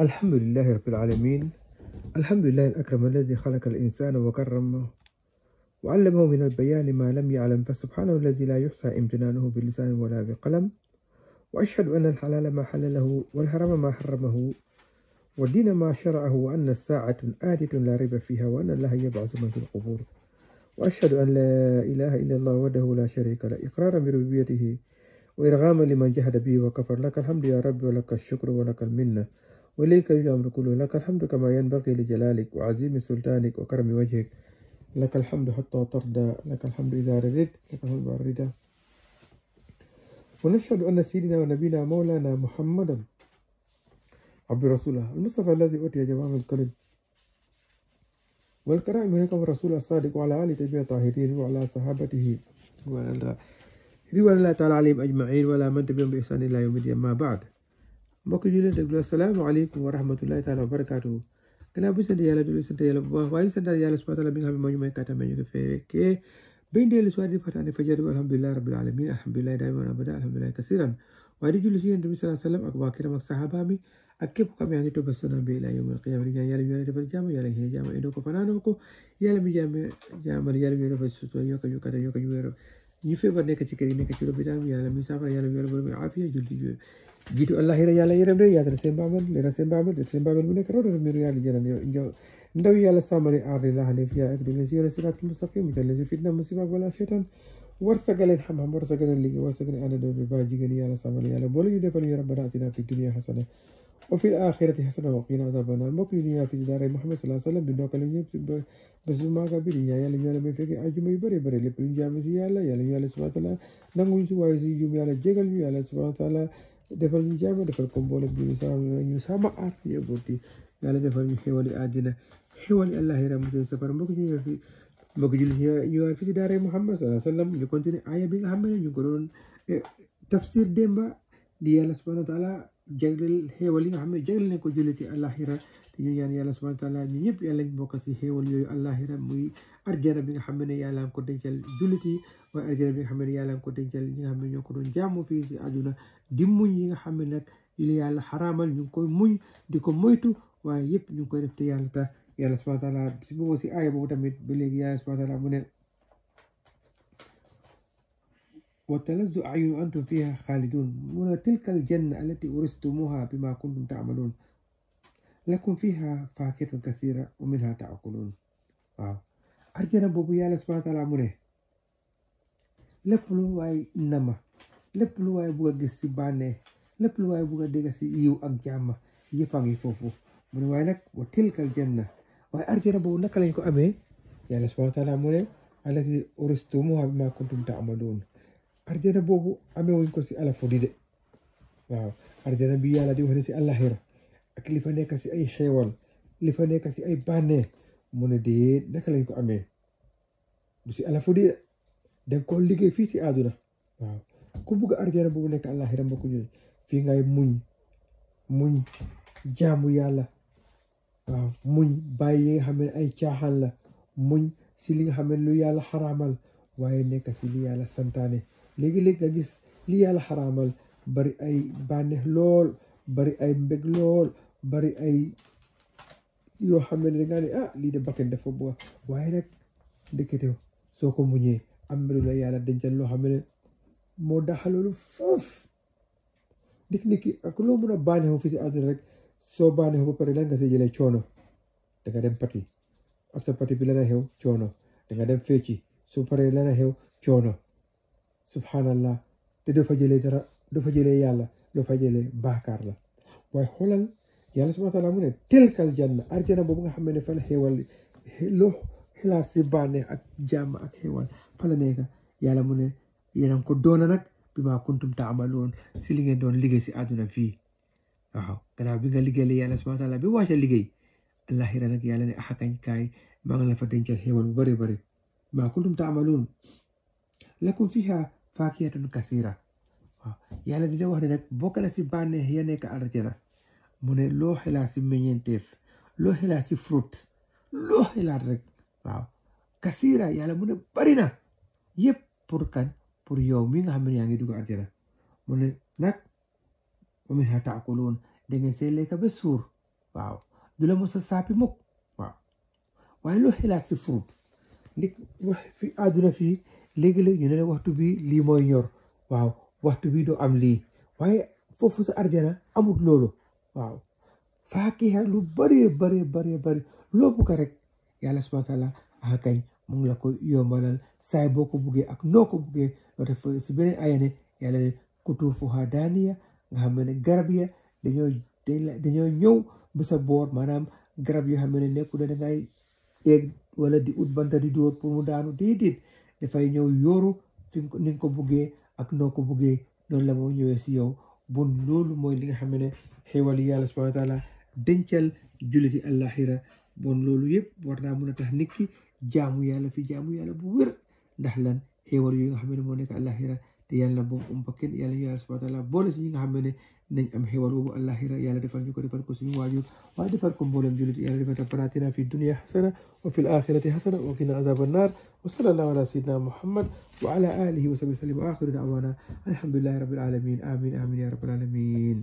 الحمد لله رب العالمين الحمد لله الأكرم الذي خلق الإنسان وكرمه وعلمه من البيان ما لم يعلم فسبحانه الذي لا يحصى امتنانه بلسان ولا بقلم وأشهد أن الحلال ما حلله والحرام ما حرمه والدين ما شرعه وأن الساعة آتة لا ريب فيها وأن الله يبعث من في القبور وأشهد أن لا إله إلا الله وحده لا شريك له إقرارا بربوبيته وإرغاما لمن جهد به وكفر لك الحمد يا رب ولك الشكر ولك المنة وليك يرجع الأمر كله لك الحمد كما ينبغي لجلالك وعزيم سلطانك وكرم وجهك لك الحمد حتى ترضى لك الحمد إذا رددت لك الحمد بعد الرضا ونشهد أن سيدنا ونبينا مولانا محمدا عبد رسوله المصطفى الذي أوتي جوامع الكرم والكرائم هناك الرسول الصادق وعلى آله تبيه الطاهرين وعلى صحابته وعلى الله تعالى عليهم أجمعين ولا من تبعهم بإحسان إلى يوم الدين ما بعد mbokk jullit déglu alaykum wa rahmatullahi taala wa barakatuh gannaaw bu sant yalla julli sant yalla bu baax way sant yalla subhanahu wa taala bi nga xam ne ñu may katam ñu ko fekkee bañ dellu si di fataane fajar bi alhamdulilah rabbil alamin alhamdulilah wa abada alhamdulilah kaseeran way di julli si yéen tamit salaam salaam ak waa kiram ak saxaaba mi ak képp ku am yaa ngi topp sunna bi ilaa yawmil qiyaama di ñaan yalla ñu yàlla defal jamm yalla ñu jamm indoo ko fanaanoo ko yalla mi jamm jamm yalla ñu defal suto yokk ñu kata yokk ñu wéeram Nyufe katika ile katika bidami ya misafara ya yale yale afya juu gitu Allah hira yala yere mre yadre sembamen lera sembamen de sembamen mune karo de miru yali jana ne ndawi yala samari arri la hanif ya akdu lazi yala sirat mustaqim jalla zi fitna musiba wala shaitan warsa galen ham ham warsa galen ligi warsa galen ana do be ba jigani yala samari yala bolu yu defal yu rabbana atina fid dunya hasana وفي الآخرة حسنا وقينا عذابنا النار مكرنا في دار محمد صلى الله عليه وسلم بنو كلم بس ما قبل يا يلم يا لم يفك أجمع بري بري لبرين جامس يا الله يا لم يا الله سبحانه وتعالى نعوين سوا يسي يوم يا الله جعل يا الله سبحانه وتعالى دفر جامع دفر كمبول بني سام يسامع يا بودي يا الله دفر حيوان آدنا حيوان الله يرحمه سفر مكرنا في مكرنا يا في دار محمد صلى الله عليه وسلم يكون تني آية بين هم يقولون تفسير دمبا di yàlla subhanahu wa taala jagleel xéewal yi nga xam ne jagleel nañ ko julliti àllaaxira te ñu ñaan yàlla subhanahu wa taala ñu ñëpp yàlla ñu bokk si xéewal yooyu àllaaxira muy arjana bi nga xam ne yàlla ko dencal julliti waaye arjana bi nga xam ne yàlla am ko dencal ñi nga xam ne ñoo ko si àdduna di muñ yi nga xam ne nag yàlla xaraamal ñu ngi koy muñ di ko moytu waaye yëpp ñu ngi koy def te yàlla ta yàlla subhanahu wa taala si boobu si aaya boobu tamit ba léegi yàlla subhanahu wa ne وتلذ أعين أنتم فيها خالدون من تلك الجنة التي أورثتموها بما كنتم تعملون لكم فيها فاكهة كثيرة ومنها تأكلون واو أرجنا بوبيا سبحانه وتعالى مره لبلو واي نما لبلو واي بوغا جسي باني لبلو واي بوغا ديغسي يو أك جاما يفاقي فوفو من واي نك وتلك الجنة واي أرجنا بوبيا نكالا يكو أمي يالا سبحانه وتعالى مره التي أورثتموها بما كنتم تعملون arjana boobu amee wuñ ko si alafodi de waaw bi yàlla di si àllaxira ak li fa nekk si ay xeewal li fa nekk si ay bànneex mu ne dee naka lañ ko amee du si alafodi de da ko liggéey fii si àdduna waaw ku bugg arjana boobu nekk àllaxira mbokk ñu fii ngay muñ muñ jaamu yàlla waaw muñ yi nga xam ne ay caaxaan la muñ si li nga xam ne lu yàlla xaraamal waaye nekk si li yàlla santaane léegi-léegi nga gis li yàlla xaramal bari ay bànneex lool bari ay mbég lool bari ay yoo xam ne dangaa ne ah lii de bakkan dafa bu waaye nag ndekete soo ko muñee am na lu la yàlla dencal loo xam ne moo daxa loolu foof ak loo mun a bànneexu fi si àdduna rek soo bànneexu ba pare lan nga see jëlee coono danga dem pati after pati bi lana xew coono danga dem fecci su paree lana xew coono subhanallah te doo fa jëlee dara doo fa jëlee yàlla doo fa jëlee baakaar la waaye xoolal yàlla subhana taala mu ne tilkal janna arjana boobu nga xam ne fan xéewal loo xilaat si bànneex ak jàmm ak xéewal fala nekka yàlla mu ne yéen ko doona nag bi maa kuntum taamaloon si li ngeen doon liggéey si àdduna fii waaw gannaaw bi nga liggéey la yàlla subhana taala bi wàcce liggéey àlaxira nag yàlla ne axakañ ah, kaay maa ngi la fa dencal xéewal bu bari bari maa kuntum taamaloon lakum fiha fakiyatun kasira ah, yàlla di wax ne nag bokk na si bànneex ya nek aljana mune lo ci meñentef lo ci fruit lo xelaat rek waaw ah, kasira yàlla mune parina. yep purkan pur pour kan pour yow mi nga nak, ya ngi dug aljana mune nak nag ha taqulun de ngeen see ba sour waaw dula musa sapi waaw way lo ci fruit ndik fi aduna fi léegi-léegi ñu waxtu bi lii mooy ñor waaw waxtu bi doo am lii waaye foofu sa arjana amut loolu waaw faakiha lu bëree bëree bëree loo bëgg rek yàlla subhaana taala akañ ah mu ngi la ko yombalal saay boo ko buggee ak noo ko buggee loo si beneen aya ne yàlla ne kutuufuha daaniya nga xam ne garab ya dañoo dañoo ñëw ba sa boor maanaam garab yoo xam ne nekku da ngay eeg wala di ut banta di dóor pour mu daanu déedéet dafay ñëw yóoru fi ni nga ko buggee ak noo ko buggee noonu la moo ñëwee si yow bon loolu mooy li nga xam ne xéewal yi yàlla subhanahu wa taala dencal julliti àllaaxira bon loolu yëpp war naa mun a tax nit ki jaamu yàlla fi jaamu yàlla bu wér ndax lan xéewal yi nga xam ne moo nekk àllaaxira te yàlla bu umpa kenn yàlla ñu yàlla subhana taala boole si ñi nga xam ne nañ am xewal boobu àllaaxira yàlla defal ñu ko defal ko suñu waajur waaye defal ko mboolem julit yàlla defal rabbana atina fi dunya xasana wa fi alaxirati xasana wa qina azab annar wa sallallahu ala sayidina muhammad wa ala alihi wa sahbihi wa sallim wa axiru daawana alhamdulillahi rabbil alamin amin amin ya rabbal alamin